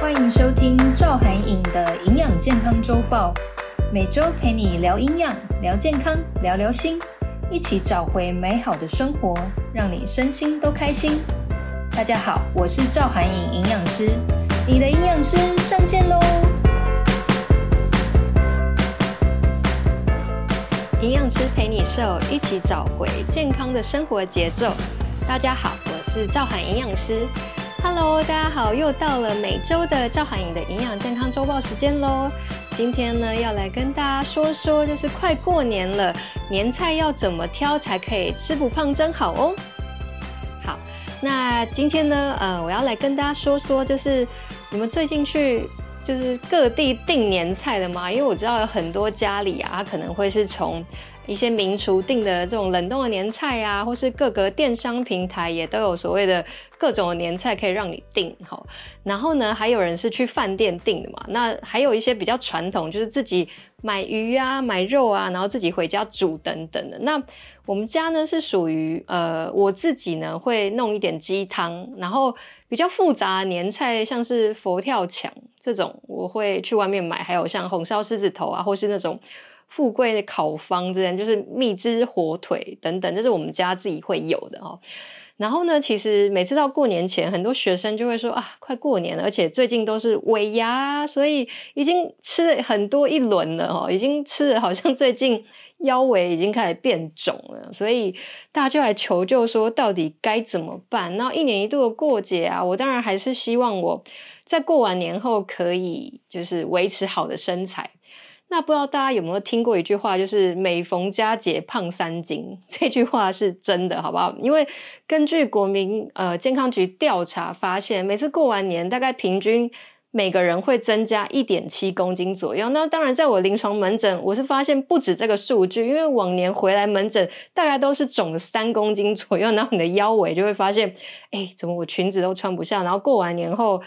歡迎收聽趙函穎的營養健康周報，每周陪你聊營養、聊健康、聊聊心，一起找回美好的生活，讓你身心都開心。大家好，我是趙函穎營,營養師，你的營養師上線嘍！營養師陪你瘦，一起找回健康的生活節奏。大家好。我是趙函穎營養師，Hello，大家好，又到了每周的趙函穎的營養健康周報時間嘍。今天呢，要來跟大家說說，就是快過年了，年菜要怎麼挑才可以吃不胖，真好哦。好，那今天呢，呃，我要來跟大家說說，就是你們最近去就是各地訂年菜了嗎？因為我知道有很多家裡啊，可能會是從。一些名廚訂的這種冷凍的年菜啊，或是各個電商平台也都有所謂的各種的年菜可以讓你訂吼，然後呢，還有人是去飯店訂的嘛。那還有一些比較傳統，就是自己買魚啊、買肉啊，然後自己回家煮等等的。那我們家呢是屬於呃，我自己呢會弄一點雞湯，然後比較複雜的年菜，像是佛跳牆這種，我會去外面買。還有像紅燒獅子頭啊，或是那種。富貴的烤方之類，就是蜜汁火腿等等，這是我們家自己會有的哦。然後呢，其實每次到過年前，很多學生就會說啊，快過年了，而且最近都是尾牙，所以已經吃了很多一輪了哦，已經吃的好像最近腰圍已經開始變腫了，所以大家就來求救說，到底該怎麼辦？然後一年一度的過節啊，我當然還是希望我在過完年後可以就是維持好的身材。那不知道大家有沒有聽過一句話，就是“每逢佳節胖三斤”這句話是真的，好不好？因為根據國民呃健康局調查發現，每次過完年，大概平均每個人會增加一點七公斤左右。那當然，在我臨床門診，我是發現不止這個數據，因為往年回來門診，大概都是腫了三公斤左右，然後你的腰圍就會發現，哎、欸，怎麼我裙子都穿不下？然後過完年後。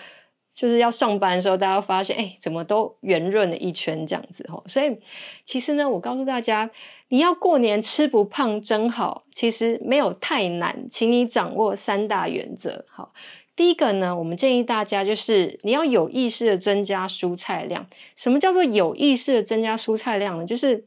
就是要上班的時候，大家發現，哎、欸，怎麼都圓潤了一圈這樣子吼。所以其實呢，我告訴大家，你要過年吃不胖真好，其實沒有太難，請你掌握三大原則。好，第一個呢，我們建議大家就是你要有意識的增加蔬菜量。什麼叫做有意識的增加蔬菜量呢？就是。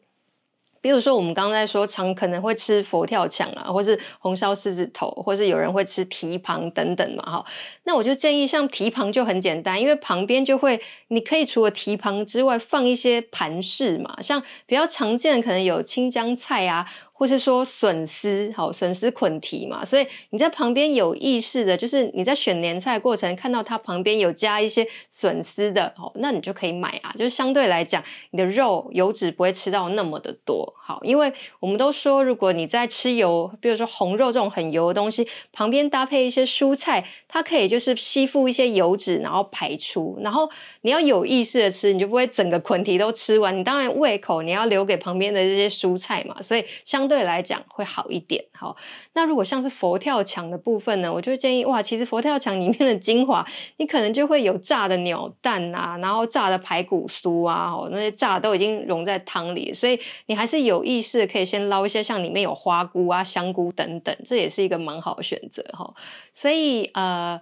比如說，我們剛才說常可能會吃佛跳牆啊，或是紅燒獅子頭，或是有人會吃蹄膀等等嘛，哈。那我就建議，像蹄膀就很簡單，因為旁邊就會，你可以除了蹄膀之外，放一些盤飾嘛，像比較常見的可能有青江菜啊。或是說筍絲，好，筍絲捆蹄嘛，所以你在旁邊有意識的，就是你在選年菜過程看到它旁邊有加一些筍絲的，好，那你就可以買啊，就是相對來講，你的肉油脂不會吃到那麼的多，好，因為我們都說，如果你在吃油，比如說紅肉這種很油的東西，旁邊搭配一些蔬菜，它可以就是吸附一些油脂，然後排出，然後你要有意識的吃，你就不會整個捆蹄都吃完，你當然胃口你要留給旁邊的這些蔬菜嘛，所以相。相對來講會好一點，好。那如果像是佛跳牆的部分呢，我就建議哇，其實佛跳牆裡面的精華，你可能就會有炸的鳥蛋啊，然後炸的排骨酥啊，哦，那些炸都已經融在湯裡，所以你還是有意識可以先撈一些，像裡面有花菇啊、香菇等等，這也是一個蠻好的選擇，哦。所以呃。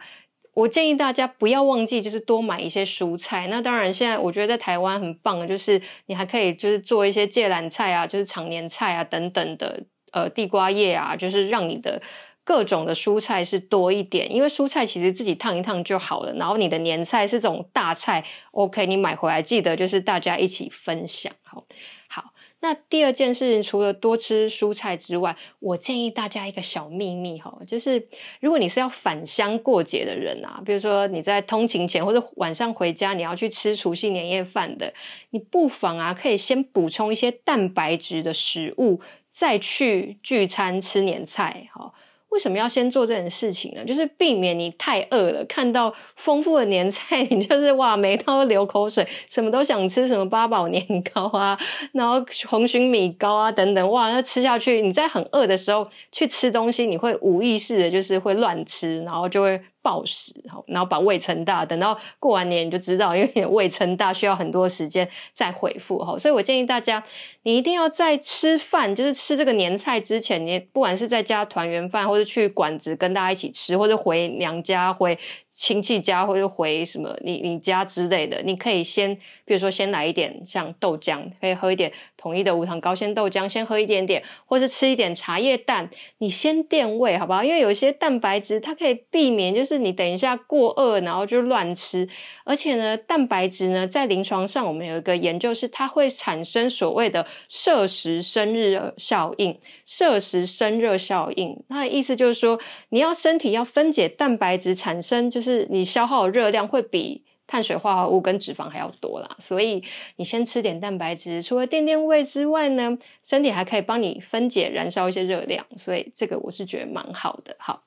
我建議大家不要忘記，就是多買一些蔬菜。那當然，現在我覺得在台灣很棒的，就是你還可以就是做一些芥藍菜啊，就是長年菜啊等等的，呃，地瓜葉啊，就是讓你的。各種的蔬菜是多一點，因為蔬菜其實自己燙一燙就好了。然後你的年菜是這種大菜，OK，你買回來記得就是大家一起分享好。好，那第二件事情，除了多吃蔬菜之外，我建議大家一個小秘密哦，就是如果你是要返鄉過節的人啊，比如說你在通勤前或者晚上回家你要去吃除夕年夜飯的，你不妨啊可以先補充一些蛋白質的食物，再去聚餐吃年菜哈。哦為什麼要先做這件事情呢？就是避免你太餓了，看到豐富的年菜，你就是哇，每道都流口水，什麼都想吃，什麼八寶年糕啊，然後紅蟳米糕啊等等，哇，那吃下去，你在很餓的時候去吃東西，你會無意識的，就是會亂吃，然後就會暴食，然後把胃撐大的。等到過完年你就知道，因為你胃撐大需要很多時間再恢復，好，所以我建議大家，你一定要在吃飯，就是吃這個年菜之前，你不管是在家團圓飯，或者去館子跟大家一起吃，或者回娘家、回親戚家，或者回什麼你你家之類的，你可以先，比如說先來一點像豆漿，可以喝一點。統一的無糖高纖豆漿，先喝一點點，或是吃一點茶葉蛋，你先墊胃，好不好？因為有一些蛋白質，它可以避免，就是你等一下過餓，然後就亂吃。而且呢，蛋白質呢，在臨床上我們有一個研究是，它會產生所謂的攝食生熱效應，攝食生熱效應，它的意思就是說，你要身體要分解蛋白質，產生就是你消耗的熱量會比，碳水化合物跟脂肪還要多啦，所以你先吃點蛋白質，除了墊墊胃之外呢，身體還可以幫你分解、燃燒一些熱量，所以這個我是覺得蠻好的。好，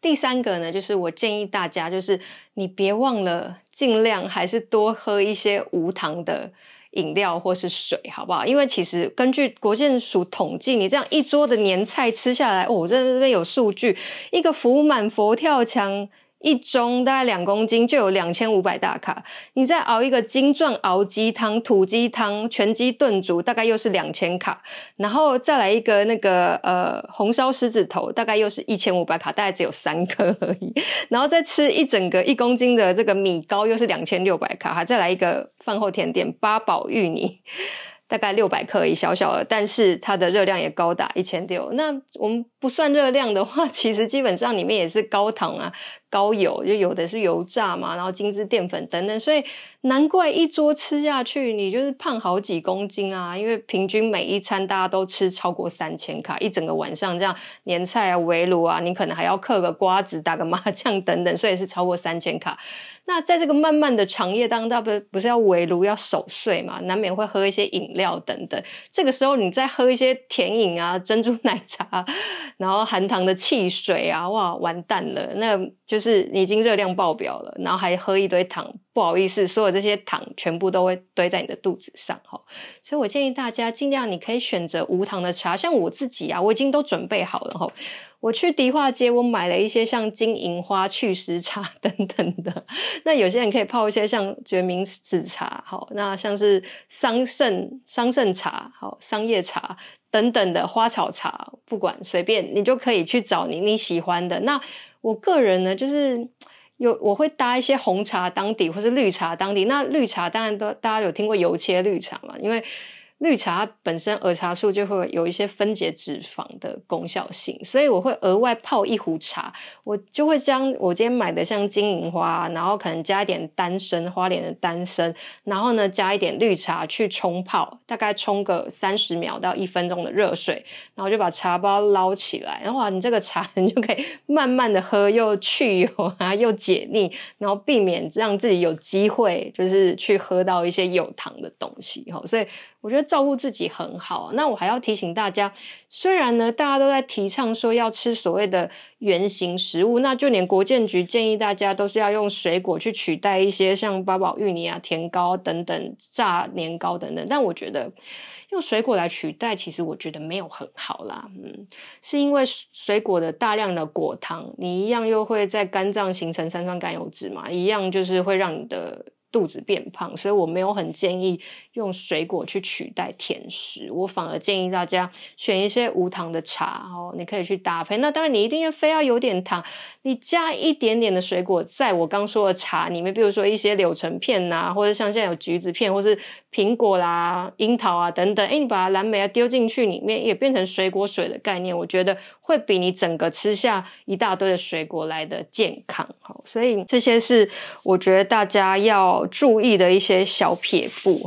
第三個呢，就是我建議大家，就是你別忘了，儘量還是多喝一些無糖的飲料或是水，好不好？因為其實根據國健署統計，你這樣一桌的年菜吃下來，哦，我這邊有數據，一個福滿佛跳牆。一盅大概兩公斤就有兩千五百大卡，你再熬一個金鑽熬雞湯、土雞湯、全雞燉煮，大概又是兩千卡，然後再來一個那個呃紅燒獅子頭，大概又是一千五百卡，大概只有三顆而已，然後再吃一整個一公斤的這個米糕，又是兩千六百卡，還再來一個飯後甜點八寶芋泥，大概六百克而已，小小的，但是它的熱量也高達一千六。那我們。不算熱量的話，其實基本上裡面也是高糖啊、高油，就有的是油炸嘛，然後精制澱粉等等，所以難怪一桌吃下去，你就是胖好幾公斤啊！因為平均每一餐大家都吃超過三千卡，一整個晚上這樣年菜啊、圍爐啊，你可能還要嗑個瓜子、打個麻將等等，所以是超過三千卡。那在這個漫漫的長夜當中，不不是要圍爐要守歲嘛，難免會喝一些飲料等等，這個時候你再喝一些甜飲啊、珍珠奶茶。然後含糖的汽水啊，哇，完蛋了！那就是你已經熱量爆表了，然後還喝一堆糖，不好意思，所有這些糖全部都會堆在你的肚子上，哈。所以我建議大家盡量，你可以選擇無糖的茶。像我自己啊，我已經都準備好了，哈。我去迪化街，我買了一些像金銀花、祛濕茶等等的。那有些人可以泡一些像決明子茶，好，那像是桑葚、桑葚茶，好，桑葉茶。等等的花草茶，不管隨便，你就可以去找你你喜歡的。那我個人呢，就是有我會搭一些紅茶當底，或是綠茶當底。那綠茶當然都大家有聽過油切綠茶嘛，因為。綠茶本身，耳茶素就會有一些分解脂肪的功效性，所以我會額外泡一壺茶。我就會將我今天買的像金銀花，然後可能加一點丹參，花蓮的丹參，然後呢加一點綠茶去沖泡，大概沖個三十秒到一分鐘的熱水，然後就把茶包撈起來。然後、啊、你這個茶你就可以慢慢的喝，又去油啊，又解膩，然後避免讓自己有機會就是去喝到一些有糖的東西，所以，我覺得照顧自己很好，那我還要提醒大家，雖然呢大家都在提倡說要吃所謂的原型食物，那就連國健局建議大家都是要用水果去取代一些像八寶芋泥啊、甜糕等等、炸年糕等等，但我覺得用水果來取代，其實我覺得沒有很好啦，嗯，是因為水果的大量的果糖，你一樣又會在肝臟形成三酸甘油脂嘛，一樣就是會讓你的。肚子變胖，所以我沒有很建議用水果去取代甜食，我反而建議大家選一些無糖的茶哦，你可以去搭配。那當然，你一定要非要有點糖，你加一點點的水果在我剛說的茶裡面，比如說一些柳橙片呐、啊，或者像現在有橘子片，或是。蘋果啦、櫻桃啊等等，哎、欸，你把藍莓啊丟進去裡面，也變成水果水的概念，我覺得會比你整個吃下一大堆的水果來的健康。所以這些是我覺得大家要注意的一些小撇步。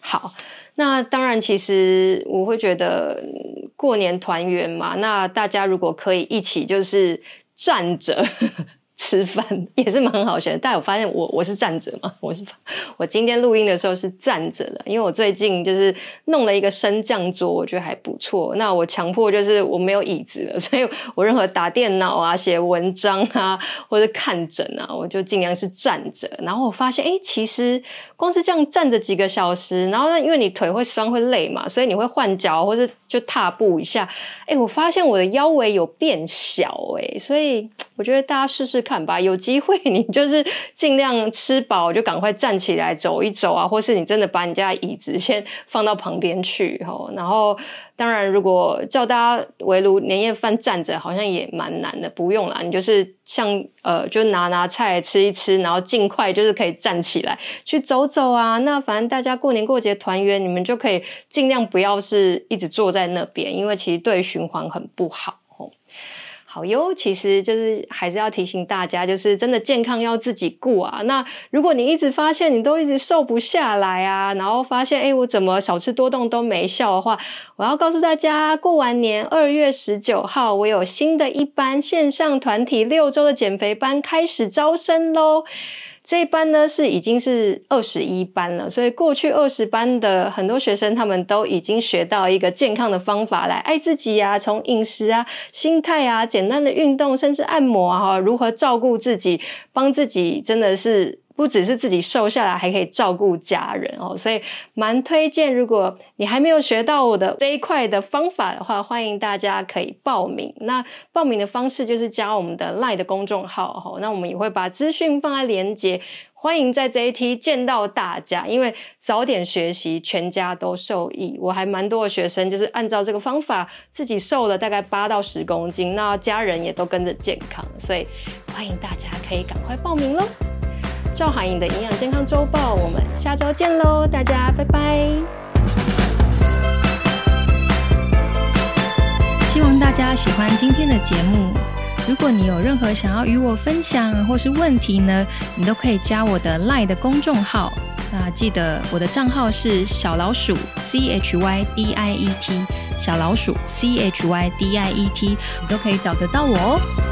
好，那當然，其實我會覺得過年團圓嘛，那大家如果可以一起就是站着。 吃飯也是蠻好選，但我發現我，我是站着嘛，我是我今天錄音的時候是站着的，因為我最近就是弄了一個升降桌，我覺得還不錯。那我強迫就是我沒有椅子了，所以我任何打電腦啊、寫文章啊或者看診啊，我就儘量是站着。然後我發現，哎、欸，其實光是這樣站着幾個小時，然後因為你腿會酸會累嘛，所以你會換腳或者就踏步一下。哎、欸，我發現我的腰圍有變小、欸，哎，所以我覺得大家試試。看吧，有機會你就是盡量吃飽，就趕快站起來走一走啊，或是你真的把你家椅子先放到旁邊去吼。然後當然，如果叫大家圍爐年夜飯站着，好像也蠻難的。不用啦，你就是像呃，就拿拿菜吃一吃，然後盡快就是可以站起來去走走啊。那反正大家過年過節團圓，你們就可以盡量不要是一直坐在那邊，因為其實對循環很不好。好喲，其實就是還是要提醒大家，就是真的健康要自己顧啊。那如果你一直發現你都一直瘦不下來啊，然後發現，誒，我怎麼少吃多動都沒效的話，我要告訴大家，過完年二月十九號，我有新的一班線上團體六周的減肥班開始招生嘍。這一班呢，是已經是二十一班了，所以過去二十班的很多學生，他們都已經學到一個健康的方法來愛自己啊，從飲食啊、心態啊、簡單的運動，甚至按摩啊，如何照顧自己，幫自己，真的是。不只是自己瘦下來，還可以照顧家人哦，所以蠻推薦。如果你還沒有學到我的這一塊的方法的話，歡迎大家可以報名。那報名的方式就是加我們的 LINE 的公眾號，那我們也會把資訊放在連結。歡迎在這一期見到大家，因為早點學習，全家都受益。我還蠻多的學生就是按照這個方法自己瘦了大概八到十公斤，那家人也都跟着健康，所以歡迎大家可以趕快報名咯。趙函穎的營養健康週報，我們下周見嘍，大家拜拜！希望大家喜歡今天的節目。如果你有任何想要與我分享或是問題呢，你都可以加我的 Line 的公眾號。那記得我的賬號是小老鼠 C H Y D I E T，小老鼠 C H Y D I E T，你都可以找得到我哦。